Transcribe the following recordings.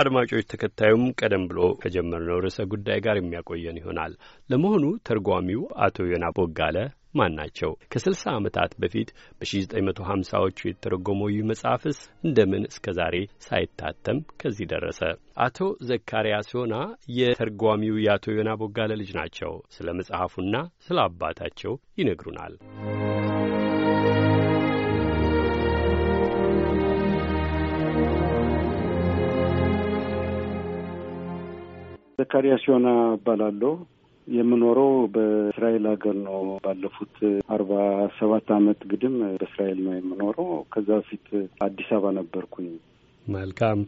አድማጮች ተከታዩም ቀደም ብሎ ከጀመርነው ርዕሰ ጉዳይ ጋር የሚያቆየን ይሆናል። ለመሆኑ ተርጓሚው አቶ ዮና ቦጋለ ማን ናቸው? ከ60 ዓመታት በፊት በ1950ዎቹ የተረጎመው ይህ መጽሐፍስ እንደምን እስከ ዛሬ ሳይታተም ከዚህ ደረሰ? አቶ ዘካርያስ ዮና የተርጓሚው የአቶ ዮና ቦጋለ ልጅ ናቸው። ስለ መጽሐፉና ስለ አባታቸው ይነግሩናል። ዘካሪያስ ሲሆና እባላለሁ። የምኖረው በእስራኤል ሀገር ነው። ባለፉት አርባ ሰባት አመት ግድም በእስራኤል ነው የምኖረው። ከዛ በፊት አዲስ አበባ ነበርኩኝ። መልካም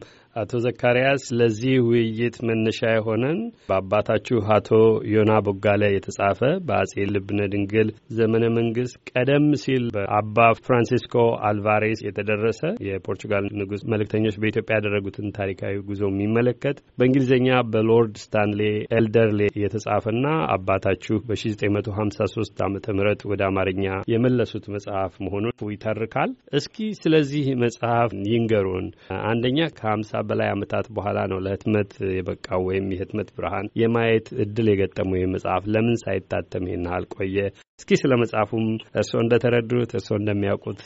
አቶ ዘካርያስ ለዚህ ውይይት መነሻ የሆነን በአባታችሁ አቶ ዮና ቦጋለ የተጻፈ በአጼ ልብነ ድንግል ዘመነ መንግስት ቀደም ሲል በአባ ፍራንሲስኮ አልቫሬስ የተደረሰ የፖርቹጋል ንጉስ መልእክተኞች በኢትዮጵያ ያደረጉትን ታሪካዊ ጉዞ የሚመለከት በእንግሊዝኛ በሎርድ ስታንሌ ኤልደርሌ የተጻፈና አባታችሁ በ1953 ዓ ም ወደ አማርኛ የመለሱት መጽሐፍ መሆኑን ይተርካል። እስኪ ስለዚህ መጽሐፍ ይንገሩን። አንደኛ ከ በላይ ዓመታት በኋላ ነው ለህትመት የበቃው ወይም የህትመት ብርሃን የማየት እድል የገጠመው ይህ መጽሐፍ ለምን ሳይታተም ይህን ያህል ቆየ? እስኪ ስለ መጽሐፉም እርስዎ እንደተረዱት እርስዎ እንደሚያውቁት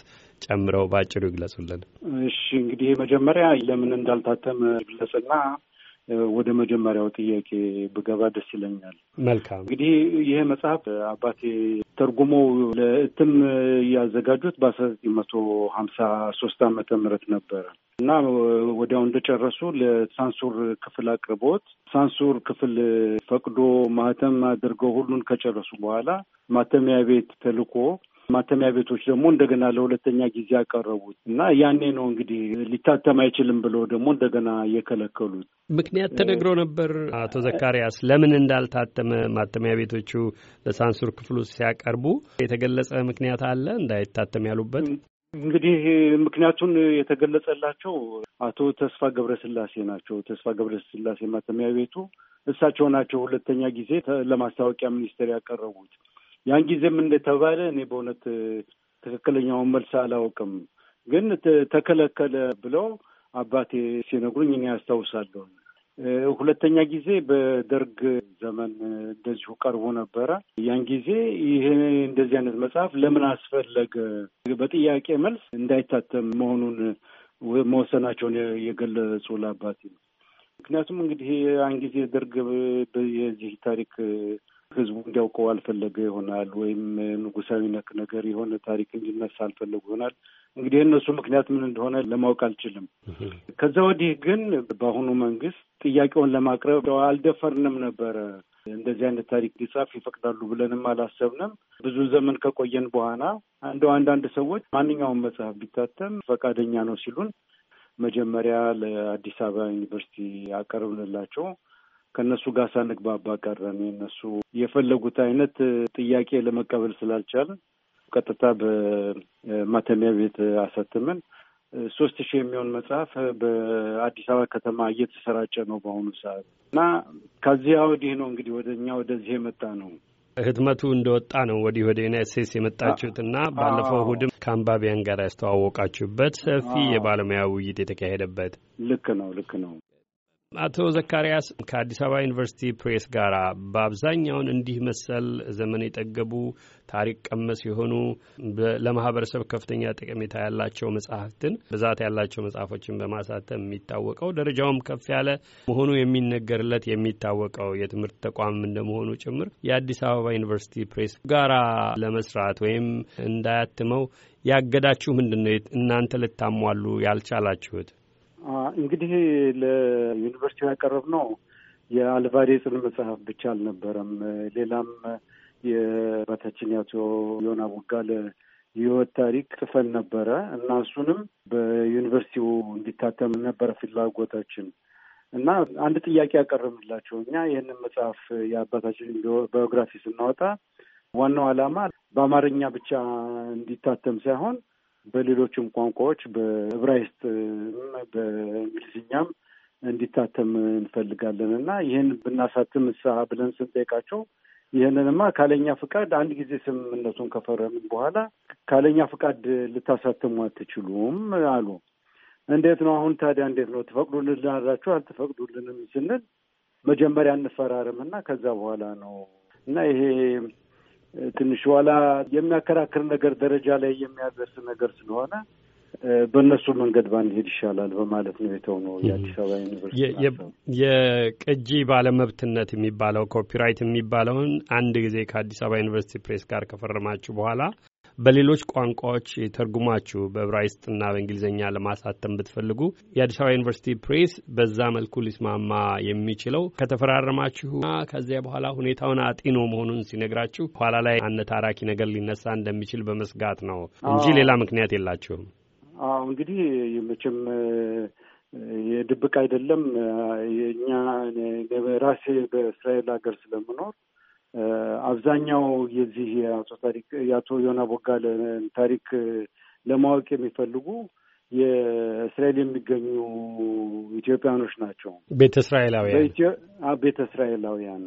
ጨምረው በአጭሩ ይግለጹልን። እሺ እንግዲህ መጀመሪያ ለምን እንዳልታተም ይግለጽና ወደ መጀመሪያው ጥያቄ ብገባ ደስ ይለኛል። መልካም እንግዲህ ይሄ መጽሐፍ አባቴ ተርጉሞ ለእትም ያዘጋጁት በአስራ ዘጠኝ መቶ ሀምሳ ሶስት አመተ ምህረት ነበረ እና ወዲያው እንደጨረሱ ለሳንሱር ክፍል አቅርቦት ሳንሱር ክፍል ፈቅዶ ማህተም አድርገው ሁሉን ከጨረሱ በኋላ ማተሚያ ቤት ተልኮ ማተሚያ ቤቶች ደግሞ እንደገና ለሁለተኛ ጊዜ ያቀረቡት እና ያኔ ነው እንግዲህ ሊታተም አይችልም ብሎ ደግሞ እንደገና የከለከሉት። ምክንያት ተነግሮ ነበር። አቶ ዘካሪያስ ለምን እንዳልታተመ ማተሚያ ቤቶቹ ለሳንሱር ክፍሉ ሲያቀርቡ የተገለጸ ምክንያት አለ እንዳይታተም ያሉበት? እንግዲህ ምክንያቱን የተገለጸላቸው አቶ ተስፋ ገብረስላሴ ናቸው። ተስፋ ገብረስላሴ ማተሚያ ቤቱ እሳቸው ናቸው ሁለተኛ ጊዜ ለማስታወቂያ ሚኒስቴር ያቀረቡት። ያን ጊዜም እንደተባለ እኔ በእውነት ትክክለኛውን መልስ አላውቅም፣ ግን ተከለከለ ብለው አባቴ ሲነግሩኝ እኔ ያስታውሳለሁ። ሁለተኛ ጊዜ በደርግ ዘመን እንደዚሁ ቀርቦ ነበረ። ያን ጊዜ ይህ እንደዚህ አይነት መጽሐፍ ለምን አስፈለገ በጥያቄ መልስ እንዳይታተም መሆኑን መወሰናቸውን የገለጹ ለአባቴ ነው። ምክንያቱም እንግዲህ ያን ጊዜ ደርግ የዚህ ታሪክ ህዝቡ እንዲያውቀው አልፈለገ ይሆናል፣ ወይም ንጉሳዊ ነክ ነገር የሆነ ታሪክ እንዲነሳ አልፈለጉ ይሆናል። እንግዲህ የእነሱ ምክንያት ምን እንደሆነ ለማወቅ አልችልም። ከዛ ወዲህ ግን በአሁኑ መንግስት ጥያቄውን ለማቅረብ አልደፈርንም ነበረ። እንደዚህ አይነት ታሪክ ሊጻፍ ይፈቅዳሉ ብለንም አላሰብንም። ብዙ ዘመን ከቆየን በኋላ እንደው አንዳንድ ሰዎች ማንኛውም መጽሐፍ ቢታተም ፈቃደኛ ነው ሲሉን መጀመሪያ ለአዲስ አበባ ዩኒቨርሲቲ አቀርብንላቸው ከእነሱ ጋር ሳንግባባ ቀረን። እነሱ የፈለጉት አይነት ጥያቄ ለመቀበል ስላልቻልን ቀጥታ በማተሚያ ቤት አሳትመን ሶስት ሺህ የሚሆን መጽሐፍ በአዲስ አበባ ከተማ እየተሰራጨ ነው በአሁኑ ሰዓት እና ከዚያ ወዲህ ነው እንግዲህ ወደ እኛ ወደዚህ የመጣ ነው። ህትመቱ እንደወጣ ነው ወዲህ ወደ ዩናይት ስቴትስ የመጣችሁትና ባለፈው እሑድም ከአንባቢያን ጋር ያስተዋወቃችሁበት ሰፊ የባለሙያ ውይይት የተካሄደበት ልክ ነው ልክ ነው። አቶ ዘካርያስ ከአዲስ አበባ ዩኒቨርሲቲ ፕሬስ ጋር በአብዛኛውን እንዲህ መሰል ዘመን የጠገቡ ታሪክ ቀመስ የሆኑ ለማህበረሰብ ከፍተኛ ጠቀሜታ ያላቸው መጽሐፍትን ብዛት ያላቸው መጽሐፎችን በማሳተም የሚታወቀው ደረጃውም ከፍ ያለ መሆኑ የሚነገርለት የሚታወቀው የትምህርት ተቋም እንደመሆኑ ጭምር የአዲስ አበባ ዩኒቨርሲቲ ፕሬስ ጋራ ለመስራት ወይም እንዳያትመው ያገዳችሁ ምንድን ነው? እናንተ ልታሟሉ ያልቻላችሁት? እንግዲህ ለዩኒቨርሲቲው ያቀረብነው የአልቫሬ ጽን መጽሐፍ ብቻ አልነበረም። ሌላም የአባታችን ያቶ ዮና ቦጋለ የህይወት ታሪክ ጽፈን ነበረ እና እሱንም በዩኒቨርሲቲው እንዲታተም ነበረ ፍላጎታችን እና አንድ ጥያቄ ያቀረብንላቸው እኛ ይህንን መጽሐፍ የአባታችን ባዮግራፊ ስናወጣ ዋናው ዓላማ በአማርኛ ብቻ እንዲታተም ሳይሆን በሌሎችም ቋንቋዎች በእብራይስጥ፣ በእንግሊዝኛም እንዲታተም እንፈልጋለን እና ይህን ብናሳትም እሳ ብለን ስንጠይቃቸው ይህንንማ ካለኛ ፍቃድ አንድ ጊዜ ስምምነቱን ከፈረምን በኋላ ካለኛ ፍቃድ ልታሳትሙ አትችሉም አሉ። እንዴት ነው አሁን ታዲያ እንዴት ነው ትፈቅዱልን አልትፈቅዱልንም ስንል መጀመሪያ እንፈራረም እና ከዛ በኋላ ነው እና ይሄ ትንሽ ኋላ የሚያከራክር ነገር ደረጃ ላይ የሚያደርስ ነገር ስለሆነ በእነሱ መንገድ ባንሄድ ይሻላል በማለት ነው የተው ነው የአዲስ አበባ ዩኒቨርሲቲ የቅጂ ባለመብትነት የሚባለው ኮፒራይት የሚባለውን አንድ ጊዜ ከአዲስ አበባ ዩኒቨርሲቲ ፕሬስ ጋር ከፈረማችሁ በኋላ በሌሎች ቋንቋዎች ተርጉማችሁ በዕብራይስጥና በእንግሊዝኛ ለማሳተም ብትፈልጉ የአዲስ አበባ ዩኒቨርሲቲ ፕሬስ በዛ መልኩ ሊስማማ የሚችለው ከተፈራረማችሁና ከዚያ በኋላ ሁኔታውን አጢኖ መሆኑን ሲነግራችሁ ኋላ ላይ አነታራኪ ነገር ሊነሳ እንደሚችል በመስጋት ነው እንጂ ሌላ ምክንያት የላችሁም። አዎ እንግዲህ መቼም የድብቅ አይደለም። የእኛ ራሴ በእስራኤል ሀገር ስለምኖር አብዛኛው የዚህ የአቶ ታሪክ የአቶ ዮና ቦጋለ ታሪክ ለማወቅ የሚፈልጉ የእስራኤል የሚገኙ ኢትዮጵያኖች ናቸው። ቤተ እስራኤላውያን ቤተ እስራኤላውያን።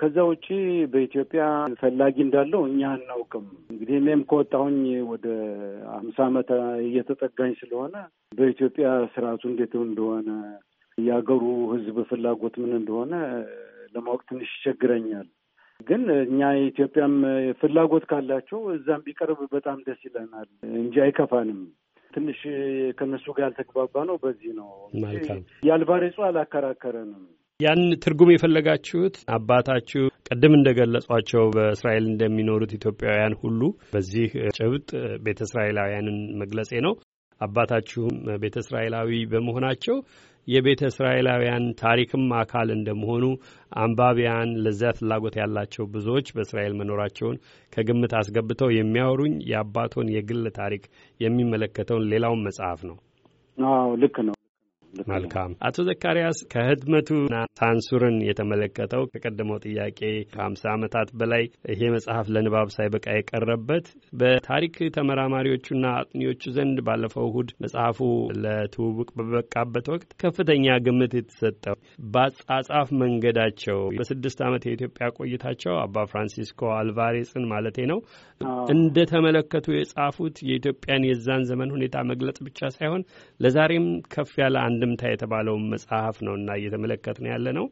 ከዛ ውጪ በኢትዮጵያ ፈላጊ እንዳለው እኛ አናውቅም። እንግዲህ እኔም ከወጣሁኝ ወደ አምሳ ዓመት እየተጠጋኝ ስለሆነ በኢትዮጵያ ስርዓቱ እንዴት እንደሆነ የሀገሩ ሕዝብ ፍላጎት ምን እንደሆነ ለማወቅ ትንሽ ይቸግረኛል። ግን እኛ የኢትዮጵያም ፍላጎት ካላቸው እዛም ቢቀርብ በጣም ደስ ይለናል እንጂ አይከፋንም። ትንሽ ከነሱ ጋር ያልተግባባ ነው። በዚህ ነው የአልቫሬጹ አላከራከረንም። ያን ትርጉም የፈለጋችሁት አባታችሁ ቅድም እንደገለጿቸው በእስራኤል እንደሚኖሩት ኢትዮጵያውያን ሁሉ በዚህ ጭብጥ ቤተ እስራኤላውያንን መግለጼ ነው። አባታችሁም ቤተ እስራኤላዊ በመሆናቸው የቤተ እስራኤላውያን ታሪክም አካል እንደመሆኑ አንባቢያን ለዚያ ፍላጎት ያላቸው ብዙዎች በእስራኤል መኖራቸውን ከግምት አስገብተው የሚያወሩኝ የአባቶን የግል ታሪክ የሚመለከተውን ሌላውን መጽሐፍ ነው። አዎ ልክ ነው። መልካም አቶ ዘካርያስ ከህትመቱና ሳንሱርን የተመለከተው ከቀደመው ጥያቄ ከሀምሳ ዓመታት በላይ ይሄ መጽሐፍ ለንባብ ሳይበቃ የቀረበት በታሪክ ተመራማሪዎቹና አጥኚዎቹ ዘንድ ባለፈው እሁድ መጽሐፉ ለትውውቅ በበቃበት ወቅት ከፍተኛ ግምት የተሰጠው በአጻጻፍ መንገዳቸው በስድስት ዓመት የኢትዮጵያ ቆይታቸው አባ ፍራንሲስኮ አልቫሬስን ማለቴ ነው እንደተመለከቱ የጻፉት የኢትዮጵያን የዛን ዘመን ሁኔታ መግለጽ ብቻ ሳይሆን ለዛሬም ከፍ ያለ አንድ አንድምታ የተባለውን መጽሐፍ እና እየተመለከት ነው ያለ ነው።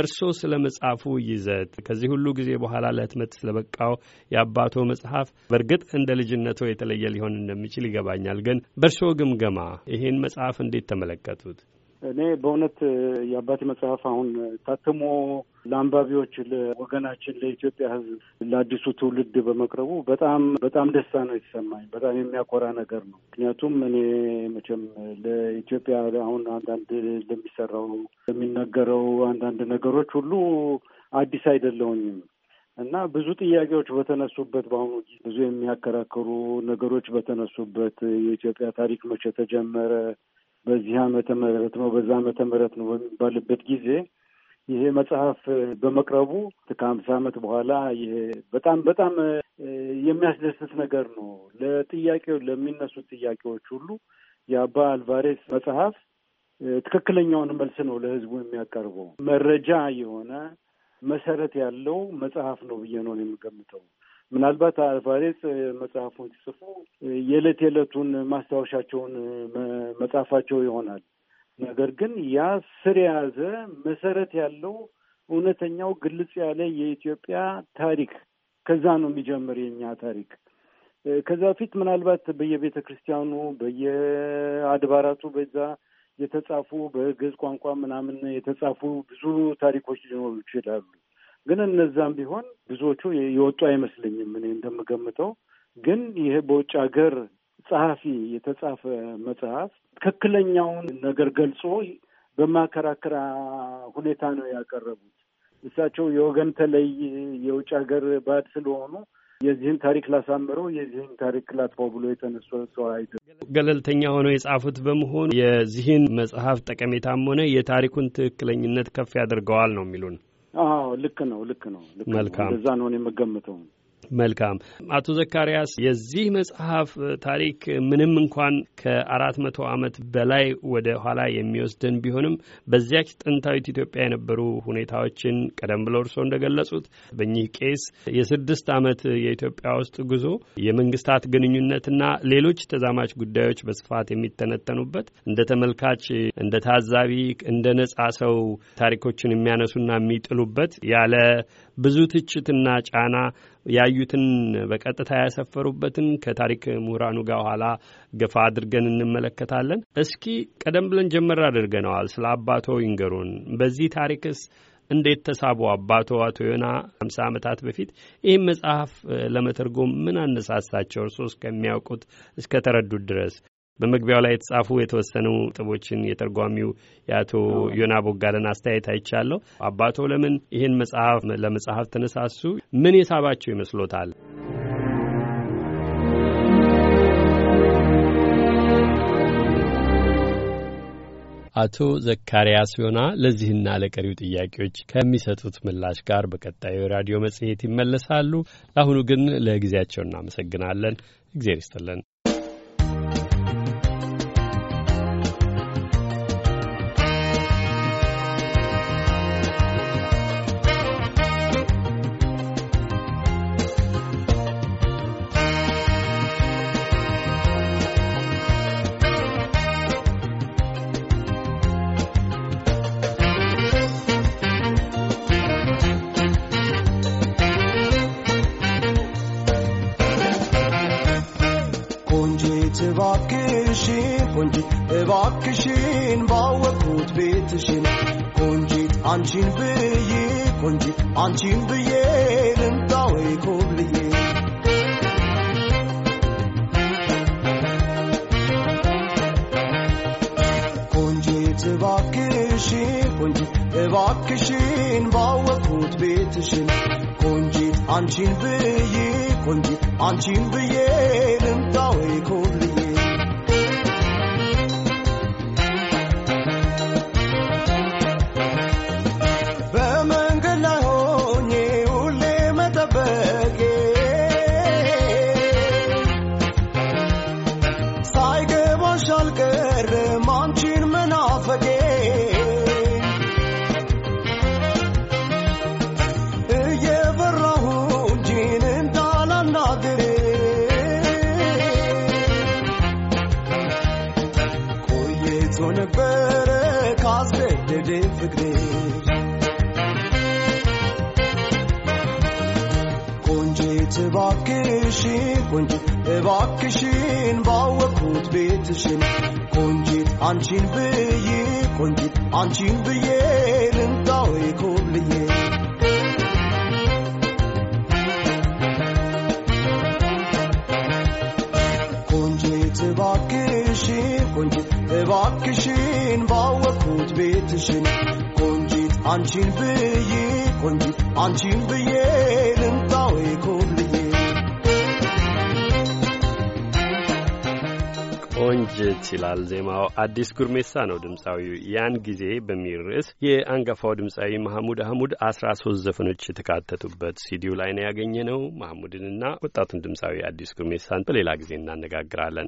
እርስዎ ስለ መጽሐፉ ይዘት ከዚህ ሁሉ ጊዜ በኋላ ለህትመት ስለበቃው የአባቶ መጽሐፍ በእርግጥ እንደ ልጅነቶ የተለየ ሊሆን እንደሚችል ይገባኛል። ግን በእርስዎ ግምገማ ይሄን መጽሐፍ እንዴት ተመለከቱት? እኔ በእውነት የአባቴ መጽሐፍ አሁን ታትሞ ለአንባቢዎች ለወገናችን ለኢትዮጵያ ሕዝብ ለአዲሱ ትውልድ በመቅረቡ በጣም በጣም ደስታ ነው የተሰማኝ። በጣም የሚያኮራ ነገር ነው። ምክንያቱም እኔ መቼም ለኢትዮጵያ አሁን አንዳንድ ለሚሰራው ለሚነገረው አንዳንድ ነገሮች ሁሉ አዲስ አይደለውኝም እና ብዙ ጥያቄዎች በተነሱበት በአሁኑ ብዙ የሚያከራከሩ ነገሮች በተነሱበት የኢትዮጵያ ታሪክ መቼ ተጀመረ በዚህ ዓመተ ምህረት ነው በዛ ዓመተ ምህረት ነው በሚባልበት ጊዜ ይሄ መጽሐፍ በመቅረቡ ከአምሳ ዓመት በኋላ ይሄ በጣም በጣም የሚያስደስት ነገር ነው። ለጥያቄው ለሚነሱት ጥያቄዎች ሁሉ የአባ አልቫሬስ መጽሐፍ ትክክለኛውን መልስ ነው ለህዝቡ የሚያቀርበው መረጃ የሆነ መሰረት ያለው መጽሐፍ ነው ብዬ ነው የምገምተው። ምናልባት አልቫሬዝ መጽሐፉን ሲጽፉ የዕለት የዕለቱን ማስታወሻቸውን መጽሐፋቸው ይሆናል። ነገር ግን ያ ስር የያዘ መሰረት ያለው እውነተኛው ግልጽ ያለ የኢትዮጵያ ታሪክ ከዛ ነው የሚጀምር የኛ ታሪክ። ከዛ በፊት ምናልባት በየቤተ ክርስቲያኑ በየአድባራቱ በዛ የተጻፉ በግዕዝ ቋንቋ ምናምን የተጻፉ ብዙ ታሪኮች ሊኖሩ ይችላሉ። ግን እነዛም ቢሆን ብዙዎቹ የወጡ አይመስለኝም። እኔ እንደምገምተው ግን ይሄ በውጭ ሀገር ጸሐፊ የተጻፈ መጽሐፍ ትክክለኛውን ነገር ገልጾ በማከራከራ ሁኔታ ነው ያቀረቡት። እሳቸው የወገን ተለይ የውጭ ሀገር ባድ ስለሆኑ የዚህን ታሪክ ላሳምረው የዚህን ታሪክ ላጥፋው ብሎ የተነሱ ሰው አይደለም። ገለልተኛ ሆነው የጻፉት በመሆኑ የዚህን መጽሐፍ ጠቀሜታም ሆነ የታሪኩን ትክክለኝነት ከፍ ያደርገዋል ነው የሚሉን። ልክ ነው ልክ ነው። ልክ ነው እዛ ነው የምገምተው። መልካም አቶ ዘካርያስ የዚህ መጽሐፍ ታሪክ ምንም እንኳን ከአራት መቶ ዓመት በላይ ወደ ኋላ የሚወስደን ቢሆንም በዚያች ጥንታዊት ኢትዮጵያ የነበሩ ሁኔታዎችን ቀደም ብለው እርስዎ እንደገለጹት በእኚህ ቄስ የስድስት ዓመት የኢትዮጵያ ውስጥ ጉዞ የመንግስታት ግንኙነትና ሌሎች ተዛማች ጉዳዮች በስፋት የሚተነተኑበት እንደ ተመልካች፣ እንደ ታዛቢ፣ እንደ ነጻ ሰው ታሪኮችን የሚያነሱና የሚጥሉበት ያለ ብዙ ትችትና ጫና ያዩትን በቀጥታ ያሰፈሩበትን ከታሪክ ምሁራኑ ጋር ኋላ ገፋ አድርገን እንመለከታለን። እስኪ ቀደም ብለን ጀመር አድርገነዋል። ስለ አባቶ ይንገሩን። በዚህ ታሪክስ እንዴት ተሳቡ አባቶ አቶ ዮና ሀምሳ ዓመታት በፊት ይህም መጽሐፍ ለመተርጎም ምን አነሳሳቸው? እርሶ እስከሚያውቁት እስከ ተረዱት ድረስ በመግቢያው ላይ የተጻፉ የተወሰኑ ጥቦችን የተርጓሚው የአቶ ዮና ቦጋለን አስተያየት አይቻለሁ። አባቶ ለምን ይህን መጽሐፍ ለመጽሐፍ ተነሳሱ? ምን የሳባቸው ይመስሎታል? አቶ ዘካርያስ ዮና ለዚህና ለቀሪው ጥያቄዎች ከሚሰጡት ምላሽ ጋር በቀጣዩ ራዲዮ መጽሔት ይመለሳሉ። ለአሁኑ ግን ለጊዜያቸው እናመሰግናለን። እግዜር ይስጥልን። እባክሽን ቆንጂት እባክሽን ባወቅኩት ቤትሽን ቆንጂት አንቺን ብዬ ቆንጂት አንቺን ብዬ ልምጣ ወይ ኮብልዬ ቆንጂት እባክሽን ቆንጂት እባክሽን ባወቅኩት ቤትሽን ቆንጂት አንቺን ብዬ 困的安静的夜，能到哪里？ቤት እባክሽን ቆንጂት እባክሽን ባወቅኩት ቤትሽን ቆንጂት አንቺን ብዬ ቆንጂት አንቺን ብዬ ልምጣወይ ኮብልዬ ቆንጂት እባክሽን ቆንጂት እባክሽን ባወቅኩት ቤትሽን አንቺን ብዬ ቆንጂ አንቺን ብዬ ልምጣው ኮብልዬ ቆንጅት ይላል ዜማው። አዲስ ጉርሜሳ ነው ድምፃዊው። ያን ጊዜ በሚል ርዕስ የአንጋፋው ድምፃዊ መሐሙድ አህሙድ አስራ ሶስት ዘፈኖች የተካተቱበት ሲዲው ላይ ነው ያገኘ ነው። መሐሙድንና ወጣቱን ድምፃዊ አዲስ ጉርሜሳን በሌላ ጊዜ እናነጋግራለን።